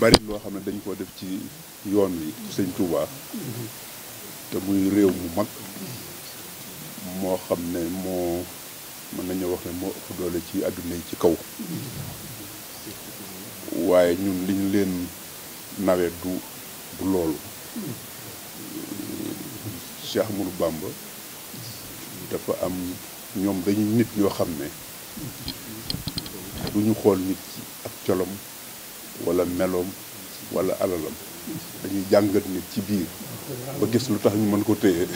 bari loo xam ne dañ koo def ci yoon wi sëñ Touba te muy réew mu mag moo xam ne moo mën nañu wax ne moo doole ci àdduna yi ci kaw waaye ñun li ñu leen nawet du du loolu Cheikh Ahmadou Bamba dafa am ñoom dañuy nit ñoo xam ne du ñu xool nit ak colom wala meloom wala alalam dañuy jàngat nit ci biir ba gis lu tax ñu mën ko téye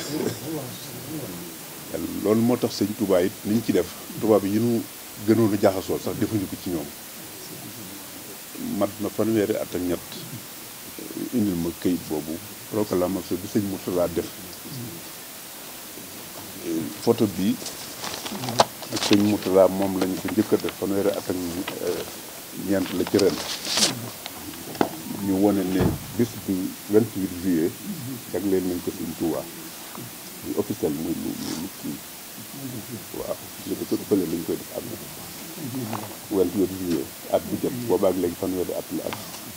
loolu moo tax sëñ Touba niñ ci def tubaab yi ñu gënoon a jaxasoo sax defuñu ko ci ñoom mat na fanweeri at ak ñett indil ma këyit boobu proclamation bi sëñ Mourtada def photo bi ak sëñ Mourtada moom lañu ko njëkk def fanweeri at ak ñeent la ci ren ñu wane ne bis bi 28 juillet jagleel nañ ko suñ Tuubaa muy officiel muy lu lu kii waaw li ko ëppale lañ koy def am na 28 juillet at bu jot boobaag léegi fanweeri at la ak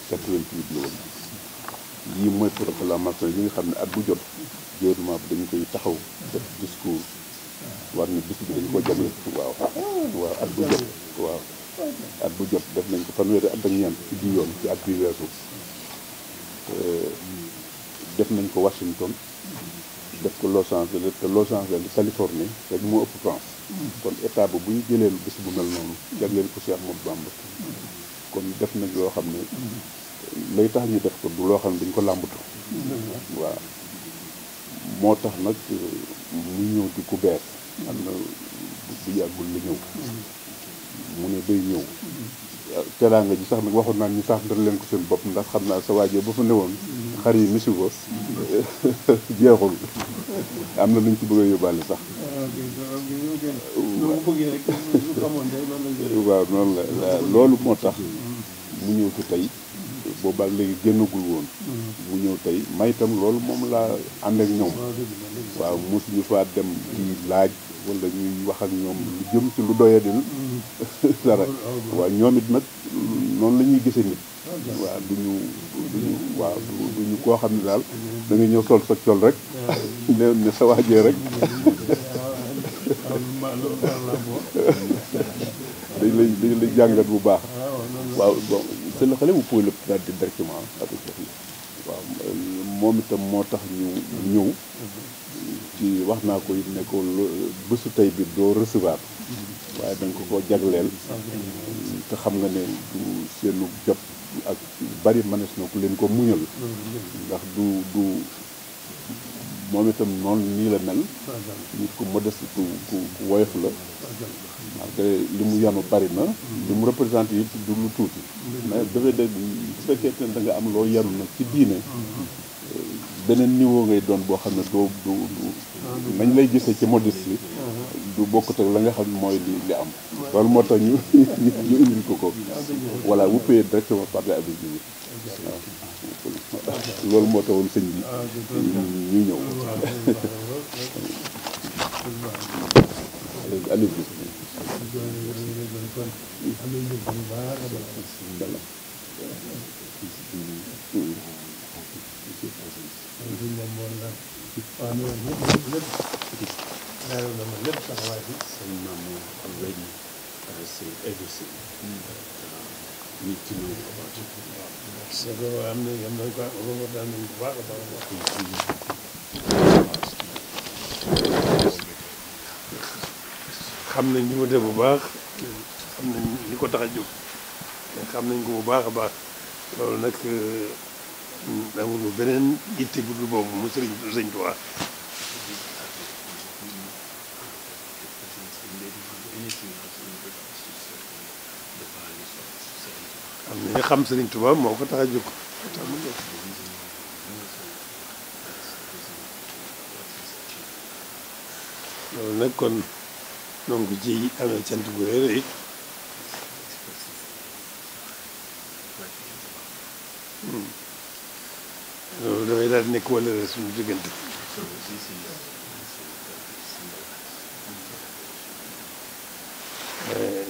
88 la woon yii mooy proclamation yi nga xam ne at bu jot gouvernement bi dañu koy taxaw def discours war na bis bi dañu ko jagleel waaw waaw at bu jot waaw at bu jot def nañ ko fanweeri at ak ñeent ci di yoon ci at bi weesu euh, def nañ ko Washington def ko loo Angeles te Los Angeles Californie rek moo ëpp France kon état bi bu ñu jëlee bés bu mel noonu jagleel ko Cheikh moom Bamba kon def nañ loo xam ne lay tax ñu def ko du loo xam ne dañ ko làmbatu waaw moo tax nag euh, mu ñëw di ku bees am na bu yàggul la ñëw mu ne day ñëw teraanga ji sax nag waxoon naa ñu saafara leen ko seen bopp ndax xam naa sa waajee ba fa woon xar yi misi ko jeexul am na luñ ci bëgg a yóbbaale sax waaw noonu la loolu moo tax mu ñëw ci tey boobaak léegi génnagul woon mu ñëw tey may itam loolu moom laa ànd ak ñoom waaw mosuñu faa dem di laaj wala ñuy wax ak ñoom lu jëm ci lu doyadil mm-hmm. dara waaw ñoom it nag noonu la ñuy gisee nit ah, waaw ñu duñu duñu koo xam ne daal da nga ñëw sol sa col rek ah. ne ne sa waajee rek ah, dañ lay dañ lay jàngat bu baax waaw bon c'est le relais bu pouvez directement avec waaw moom itam moo tax ñu ñëw ci wax naa ko it ne ko tey bi doo recevoir waaye da nga ko ko jagleel te xam nga ne du seenu jot ak bari mënees na ku leen ko muñal ndax du du moom itam noonu nii la mel nit ku modeste ku ku woyof la malgré li mu yanu bari na li mu représenté it du lu tuuti mais dafay dégg bu fekkee ne da am loo yanu nag ci diine mm-hmm. beneen niveau ngay doon boo xam ne doo du nañ lay gisee ci modestie du bokkut ak la nga xam mooy li li am loolu moo tax ñu ñu indil ko ko voilà vous bi waaw loolu moo taxoon sëñ bi ñu ñëw sëñ moom moom na ma lépp ko am na am bu baax a xam nañ li mu bu baax xam nañ li ko tax a jóg xam nañ ko bu baax a baax loolu nag amul beneen yitte bu dul boobu mu sëriñ sëriñ Tuubaa am na xam sëriñ Tuubaa moo ko tax a jóg loolu nag kon donc ci amee cant gu rëy it loolu dafay daal di nekk wala suñu diggante.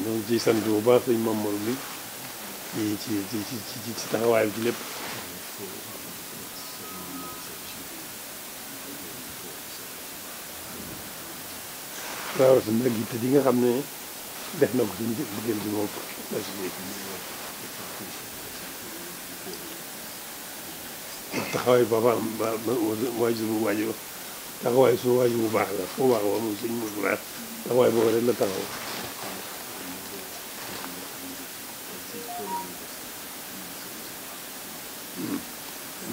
ñoo ngi ciy sant bu baax sëñ Mamadou bi ci ci ci ci ci taxawaayam ci lépp. rawatina nag it di nga xam ne def na ko suñu diggante moom. taxawaay boobaam ba waajur bu waajur taxawaay su waajur bu baax la foo baax wa moom suñ mu baax taxawaay boobu rek la taxaw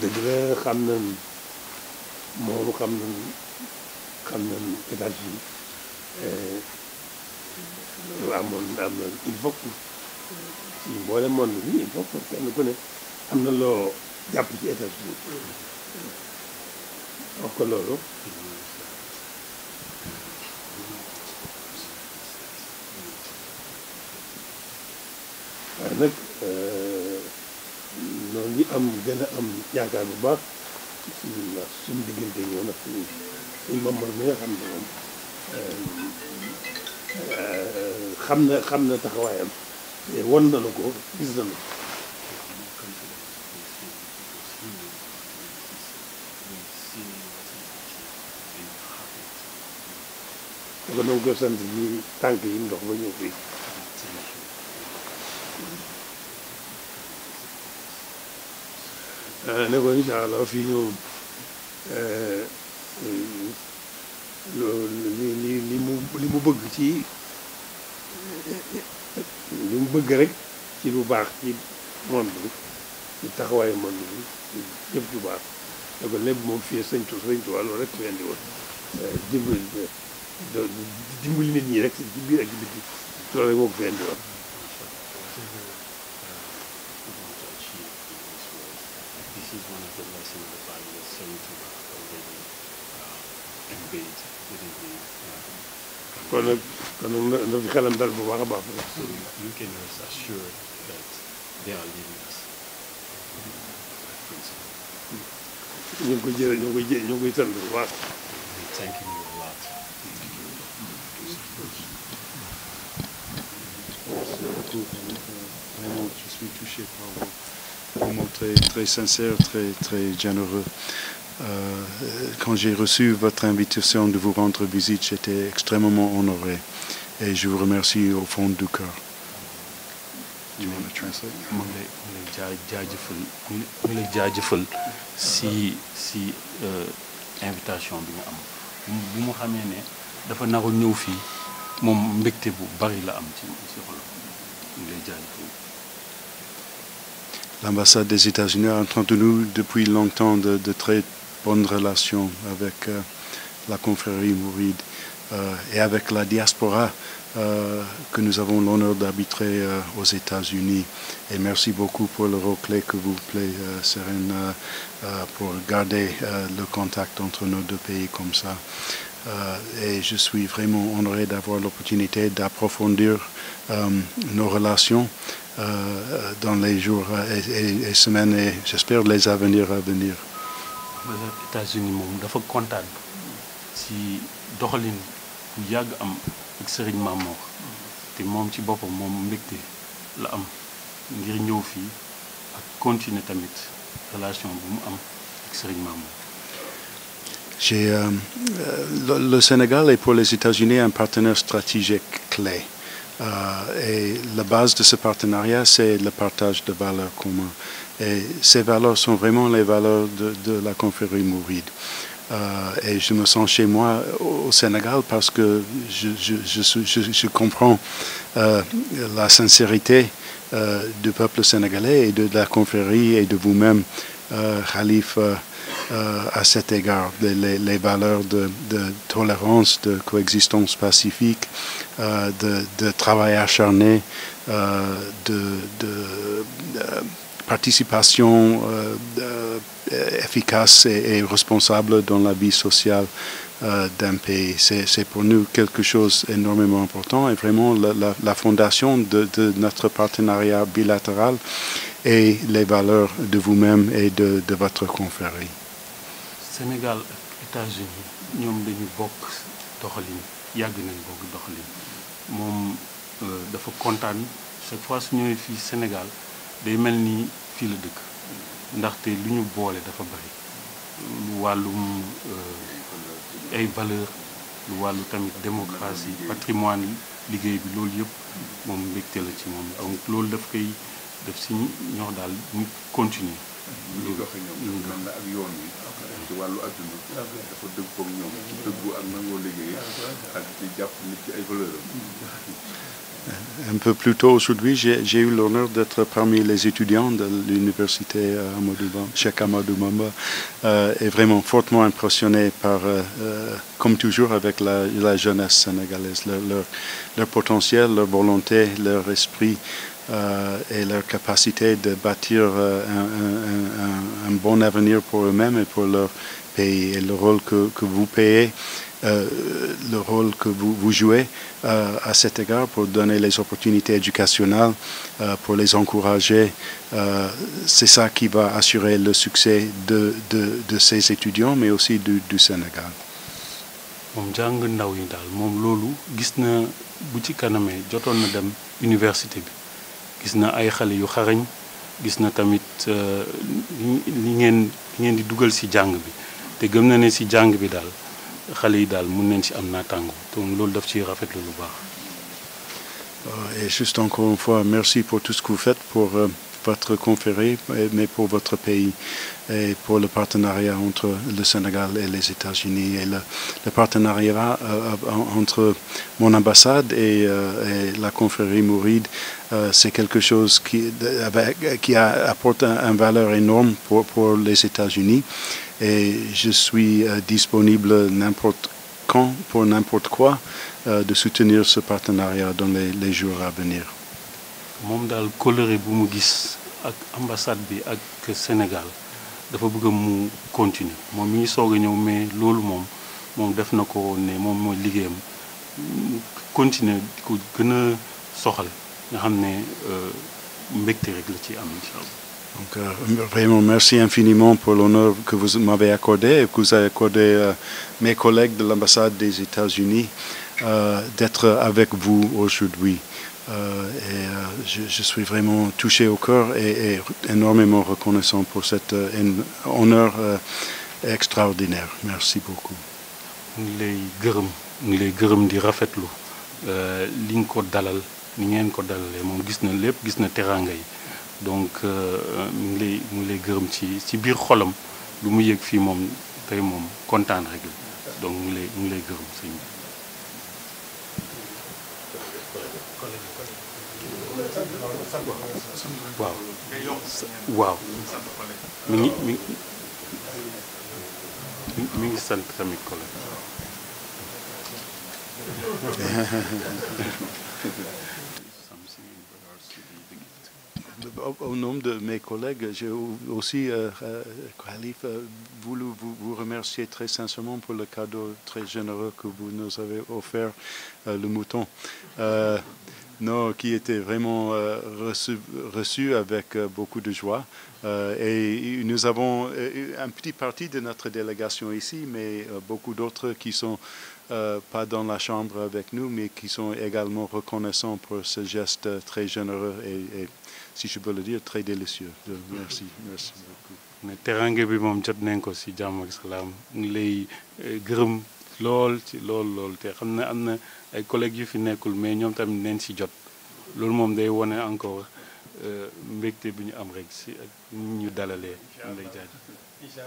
dëgg xam nañ moom xam nañ xam nañ états eh, am na il faut que ci mboole monde bi il faut que kenn ne am na loo jàpp ci état bi wax waaye nag euh, noonu ñi am gën a am yaakaar bu baax bisimilah suñu diggante ñëw nag suñu mamar mi nga xam ne moom euh, euh, xam na xam na taxawaayam te won nañu ko gis nañu ko ko ko sant ci tànk yi ndox ba ñëw fii euh, ne ko incha allah fii euh, moom li mu bëgg ci li mu bëgg rek ci lu baax ci monde bi ci taxawaayu monde bi yëpp lu baax ne ko lépp moom fii sëñ tu sëñ tu wàllu rek fi andi woon euh, do dimbali nit ñi rek ci biir ak ci biti loolu rek moo ko fi indi woon kon nag kon nag na fi xelam dal bu baax a baax. so you can rest assured that they are leading us. ñu ngi koy jëlee ñu ngi koy jë ñu ngi koy sant bu baax. thank you. ce groupe. Vraiment, je suis touché par vos, vos mots très, très très, généreux. Euh, quand j'ai reçu votre invitation de vous rendre visite, j'étais extrêmement honoré et je vous remercie au fond du cœur. Do you want to translate? mu ngi lay jaajëfal mu ngi lay jaajëfal si si euh, invitation bi nga am bu ma xamee ne dafa naroon ñëw fii. moom mbégte bu bari la am ci ci xolam ñu ngi L'ambassade des États-Unis a entretenu depuis longtemps de de très bonnes relations avec euh, la confrérie mouride euh, et avec la diaspora euh, que nous avons l'honneur d'arbitrer euh, aux États-Unis et merci beaucoup pour le rôle clé que vous plaît Serène pour garder le contact entre nos deux pays comme ça. Euh, et je suis vraiment honoré d'avoir l'opportunité d'approfondir euh, nos relations euh, dans les jours et, et, et semaines et j'espère les avenirs à venir. États-Unis moom dafa kontaan si doxalin bu yàgg am ak sëriñ Mamour te moom ci boppam moom mbégte la am ngir ñëw fii ak continuer tamit relation bu mu am ak sëriñ Mamour. Euh, euh le, Sénégal est pour les États-Unis un partenaire stratégique clé. Euh, et la base de ce partenariat, c'est le partage de valeurs communes. Et ces valeurs sont vraiment les valeurs de, la confrérie mouride. Euh, et je me sens chez moi Sénégal parce que je, je, je, je comprends euh, la sincérité du peuple sénégalais et de vous-même Euh, Khalifa euh, à cet égard, les, les, les valeurs de, de, tolérance, de coexistence pacifique, euh, de, de, travail acharné, de, de participation efficace et, et, responsable dans la vie sociale d'un pays. C'est pour nous quelque chose d'énormément important et vraiment la, fondation de, de, notre partenariat bilatéral les valeurs de vous-même et de Sénégal ak États-Unis ñoom dañu bokk doxalin yàgg nañ bokk doxalin moom euh, dafa kontaan chaque fois su ñëwee fii Sénégal day mel ni fii la dëkk ndaxte lu ñu boole dafa bari lu wàllum euh, ay valeur lu wàllu tamit démocratie patrimoine liggéey bi loolu yëpp moom mbégte la ci moom donc loolu daf koy. def si daal ñu continuer. ñu dox ñoom mel na ak yoon wi. ci wàllu adduna. Un peu plus tôt aujourd'hui j'ai eu l'honneur d'être parmi les étudiants de l'université Amadou euh, et vraiment fortement impressionné par euh, euh, comme toujours avec la la jeunesse sénégalaise leur leur, leur potentiel leur volonté leur esprit Euh, et leur capacité de bâtir euh, un, un, un, un bon avenir pour eux-mêmes et pour leur pays. Et le rôle que, vous payez, euh, le rôle que vous, vous jouez à cet égard pour donner les opportunités éducationnelles, pour les encourager, c'est ça qui va assurer le succès de, de, de ces étudiants, mais aussi du, du Sénégal. jàng ndaw yi loolu gis na bu ci kanamee jotoon dem université bi gis na ay xale yu xarañ gis na tamit euh, li ngeen li ngeen di dugal ci jàng bi te gëm na ne ci jàng bi daal xale yi daal mën nañ ci am naataango donc loolu daf ciy rafetlu lu baax. Euh, et juste encore une fois, merci pour tout ce que vous pour. Euh, votre conférée, mais pour votre pays et pour le partenariat entre le Sénégal et les États-Unis et le, le partenariat euh, entre mon ambassade et, euh, et la confrérie Mouride, euh, c'est quelque chose qui, avec, qui a, apporte une un valeur énorme pour, pour les États-Unis et je suis euh, disponible n'importe quand pour n'importe quoi euh, de soutenir ce partenariat dans les, les jours à venir. moom daal coloré bu mu gis ak ambassade bi ak Sénégal dafa bëgg mu continue moom mi ngi soog a ñëw mais loolu moom moom def na ko ne moom mooy liggéeyam continuer di ko gën a soxal nga xam ne euh, mbégte rek la ci am incha allah. Donc, euh, vraiment, merci infiniment pour l'honneur que vous m'avez accordé et que vous avez accordé euh, mes collègues de l'ambassade des États-Unis euh, d'être avec vous aujourd'hui. Euh, et euh, je, suis vraiment touché au cœur et, et énormément reconnaissant pour cet euh, honneur extraordinaire. Merci beaucoup. mu ngi lay gërëm ñu ngi lay gërëm di rafetlu li nga ko dalal ni ngeen ko dalalee moom gis na lépp gis na teraanga yi donc mu ngi lay mu ngi lay gërëm ci ci biir xolam lu mu yëg fii moom tey moom kontaan rek la donc mu ngi lay gërëm sëñ bi waaw waaw mi ngi mi ngi mi ngi sant au nom de mes collègues, j'ai aussi, euh, euh Khalif, euh, voulu vous, vous, remercier très sincèrement pour le cadeau très généreux que vous nous avez offert, euh, le mouton. Euh, non, qui était vraiment euh, reçu, reçu, avec beaucoup de joie. et nous avons une petite partie de notre délégation ici, mais beaucoup d'autres qui sont euh, pas dans la chambre avec nous, mais qui sont également reconnaissants pour ce geste très généreux et, et si je peux le merci merci beaucoup. bi moom jot nañ ko si jàmm ak salaam ngi lay eh, gërëm lool ci lool lool te xam ne am na ay collègues yu fi nekkul mais ñoom tamit neen si jot loolu moom day wone encore eh, mbégte bi ñu am rek si ak ñu dalalee. ñu lay jaajëf.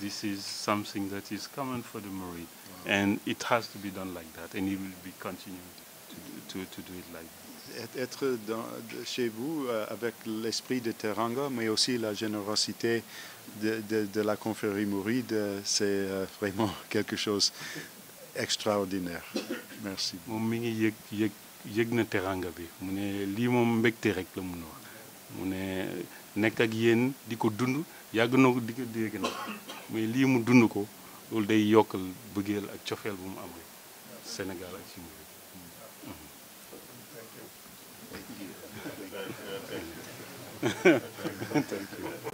this is something that is common for the Marine. Wow. And it has to be done like that, and it will be continued to, to, to do it like that. Être dans, chez vous euh, avec l'esprit de Teranga, mais aussi la générosité de, de, de la confrérie Mouride, c'est euh, vraiment quelque chose extraordinaire. Merci. moom mi ngi yëg yëg yëg na Teranga bi mu ne lii moom mbégte rek la mun a wax mu ne nekk ak yéen di ko dund yàgg na ko di ko dégg na mais lii mu dund ko loolu day yokkal bëggeel ak cofeel bu mu am senegal ak ci mbir Thank